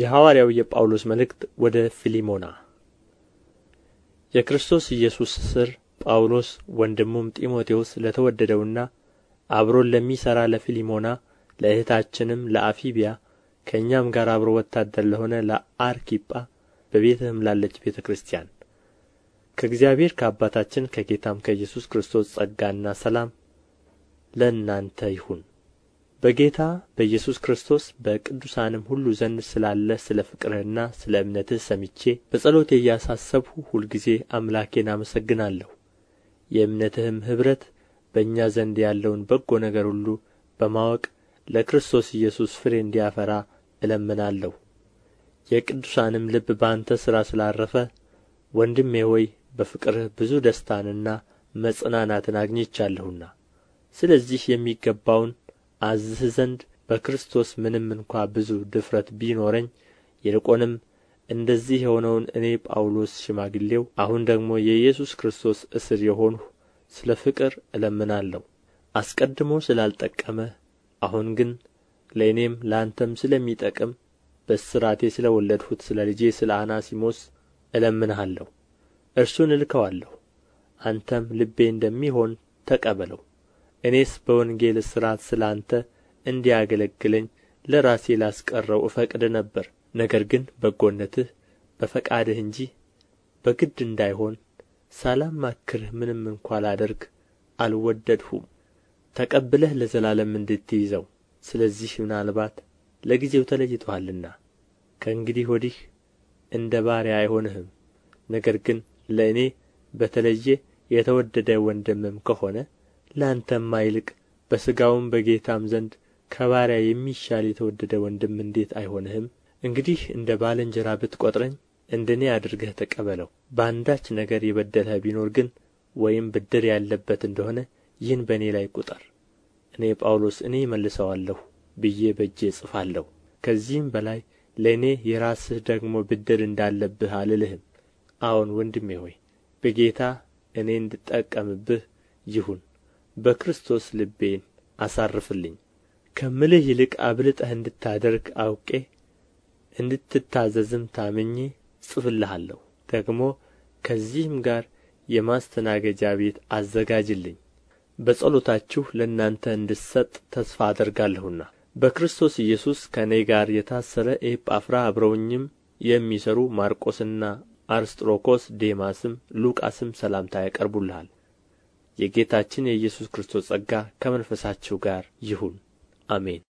የሐዋርያው የጳውሎስ መልእክት ወደ ፊሊሞና። የክርስቶስ ኢየሱስ እስር ጳውሎስ ወንድሙም ጢሞቴዎስ ለተወደደውና አብሮን ለሚሠራ ለፊሊሞና ለእህታችንም ለአፊቢያ ከእኛም ጋር አብሮ ወታደር ለሆነ ለአርኪጳ በቤትህም ላለች ቤተ ክርስቲያን ከእግዚአብሔር ከአባታችን ከጌታም ከኢየሱስ ክርስቶስ ጸጋና ሰላም ለእናንተ ይሁን። በጌታ በኢየሱስ ክርስቶስ በቅዱሳንም ሁሉ ዘንድ ስላለ ስለ ፍቅርህና ስለ እምነትህ ሰምቼ በጸሎቴ እያሳሰብሁ ሁልጊዜ አምላኬን አመሰግናለሁ። የእምነትህም ኅብረት በእኛ ዘንድ ያለውን በጎ ነገር ሁሉ በማወቅ ለክርስቶስ ኢየሱስ ፍሬ እንዲያፈራ እለምናለሁ። የቅዱሳንም ልብ በአንተ ሥራ ስላረፈ ወንድሜ ሆይ በፍቅርህ ብዙ ደስታንና መጽናናትን አግኝቻለሁና፣ ስለዚህ የሚገባውን አዝህ ዘንድ በክርስቶስ ምንም እንኳ ብዙ ድፍረት ቢኖረኝ ይልቁንም እንደዚህ የሆነውን እኔ ጳውሎስ ሽማግሌው አሁን ደግሞ የኢየሱስ ክርስቶስ እስር የሆንሁ ስለ ፍቅር እለምናለሁ አስቀድሞ ስላልጠቀመ አሁን ግን ለእኔም ለአንተም ስለሚጠቅም በእስራቴ ስለ ወለድሁት ስለ ልጄ ስለ አናሲሞስ እለምንሃለሁ እርሱን እልከዋለሁ አንተም ልቤ እንደሚሆን ተቀበለው እኔስ በወንጌል እስራት ስለ አንተ እንዲያገለግለኝ ለራሴ ላስቀረው እፈቅድ ነበር ነገር ግን በጎነትህ በፈቃድህ እንጂ በግድ እንዳይሆን ሳላማክርህ ምንም እንኳ ላደርግ አልወደድሁም ተቀብለህ ለዘላለም እንድትይዘው ስለዚህ ምናልባት ለጊዜው ተለይቶሃልና ከእንግዲህ ወዲህ እንደ ባሪያ አይሆንህም ነገር ግን ለእኔ በተለየ የተወደደ ወንድምም ከሆነ ለአንተማ ይልቅ በሥጋውም በጌታም ዘንድ ከባሪያ የሚሻል የተወደደ ወንድም እንዴት አይሆንህም እንግዲህ እንደ ባልንጀራ ብትቈጥረኝ እንደ እኔ አድርገህ ተቀበለው በአንዳች ነገር የበደለህ ቢኖር ግን ወይም ብድር ያለበት እንደሆነ ይህን በእኔ ላይ ቁጠር። እኔ ጳውሎስ እኔ እመልሰዋለሁ ብዬ በእጄ ጽፋለሁ ከዚህም በላይ ለእኔ የራስህ ደግሞ ብድር እንዳለብህ አልልህም አዎን ወንድሜ ሆይ በጌታ እኔ እንድጠቀምብህ ይሁን በክርስቶስ ልቤን አሳርፍልኝ ከምልህ ይልቅ አብልጠህ እንድታደርግ አውቄ እንድትታዘዝም ታምኜ ጽፍልሃለሁ። ደግሞ ከዚህም ጋር የማስተናገጃ ቤት አዘጋጅልኝ በጸሎታችሁ ለእናንተ እንድሰጥ ተስፋ አደርጋለሁና በክርስቶስ ኢየሱስ ከእኔ ጋር የታሰረ ኤጳፍራ አብረውኝም የሚሰሩ ማርቆስና አርስጥሮኮስ ዴማስም ሉቃስም ሰላምታ ያቀርቡልሃል የጌታችን የኢየሱስ ክርስቶስ ጸጋ ከመንፈሳችሁ ጋር ይሁን አሜን